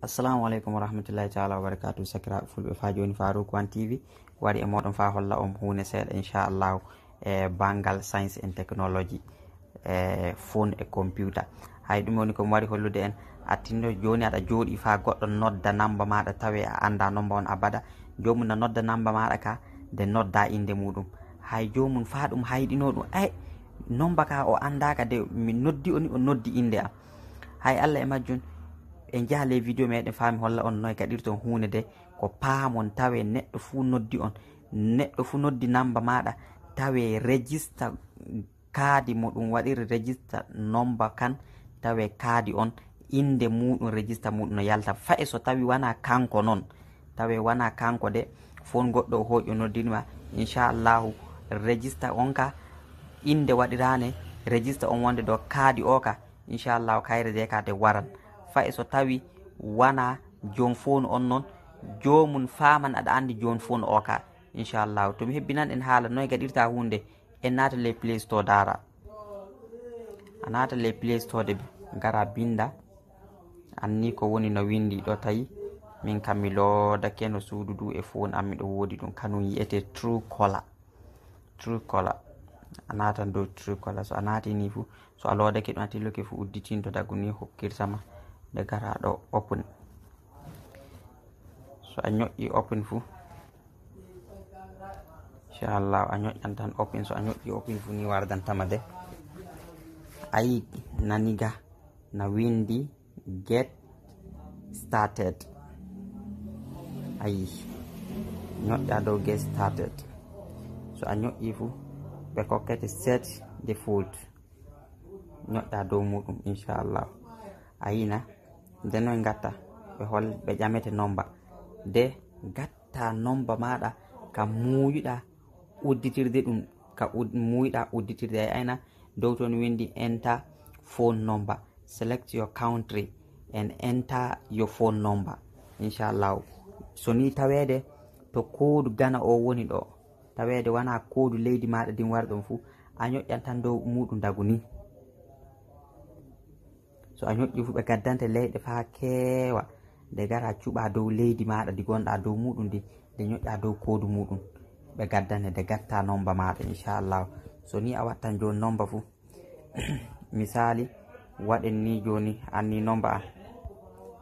assalamu aleykum wa rahmatullahi taala wa barakatu sakiraɓe fulɓe fa joni farouk wan tv waɗi e moɗon fa holla on hunde seeɗa inchallahu e bangal science and technology e fone e computa hay ɗum woni komi waɗi hollude en attindo joni aɗa jooɗi fa goɗɗo nodda namba maɗa tawi a anda nomba on abada jomum na nodda namba maɗa ka nde nodda inde muɗum hay jomum fa ɗum hayɗino ɗum ay nomba ka o andaka de mi noddi oni o noddi inde am hay allah e majjum en jahale vidéo meɗen faami holla on noy gaɗirton hunde de ko paamon tawe neɗɗo fuu noddi on neɗɗo fuu noddi namba maɗa tawe régista kaadi mo ɗum waɗiri régista nomba kan tawe kaadi on inde muɗum régista muɗum no yalta fae so tawi wona kanko noon tawe wona kanko de fon goɗɗo o hoƴo noddinima inchallahu régista on ka inde waɗirane régista on wonde ɗo kaadi o ka inchallahu kayre de kade waran fae so tawi wana jon fonu on noon jomum faman aɗa andi jon fonu o ka inchallahu tomi hebbinan en haala noy gaɗirta hunde en naata les place to dara a naata les place to de gara binda anni ko woni no windi ɗo tawi min kam mi loodake no suudu du e fon am miɗo wodi ɗum kanum yiyete true colla true colla a naatan dow true colla so a naati ni fuu so a loodake ɗum a tilloke fuu udditinto dagu ni hokkirtama nde garaɗo open so a ño'i open fuu inchallah a ño'an tan open so a ño'i open fuu ni wardantama de ayi naniga na windi get started ayi ño'a dow get started so a ño'i fuu ɓe kokkete set de food ño'a dow muɗum inchallah ayina nden noon gatta ɓe hol ɓe ƴamete nomba de gatta nomba maɗa ka muuyiɗa udditirde ɗum ka muuyiɗa udditirde ay ayna dow toon windi enta phone nomba select your country en enta yo phone nomba inchallahu so ni taweede to koodu gana o woni ɗo taweede wona koodu leydi maɗa din wari ɗon fuu a ñoƴƴantan dow muɗum dagu ni so a ñoƴƴi fu ɓe gaddante leyɗe faa keewa nde gara cuɓa dow leydi maɗa ndi gonɗa dow muɗum ndi nde ñoƴƴa dow koodu muɗum ɓe gaddane nde gatta nomba maɗa inchallah so ni a wattan joni nomba fuu misali waɗen ni joni anni nomba a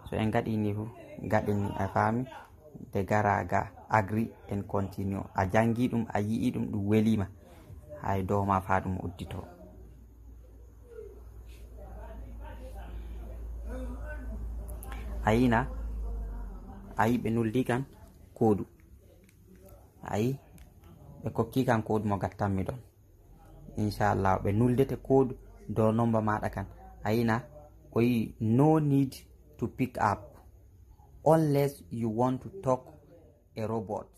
so en gaɗi ni fuu gaɗen ni a faami nde gara ga agri en continue a janngi ɗum a yi'i ɗum ɗum welima hay dowma faa ɗum udditoo ayina ayi ɓe nulligan kodu ayi ɓe kokkikan kodu mo gattanmi ɗon inchallah ɓe nuldete kodu dow nomba maɗa kan ayina o yi no need to pick up unless you want to talk a robot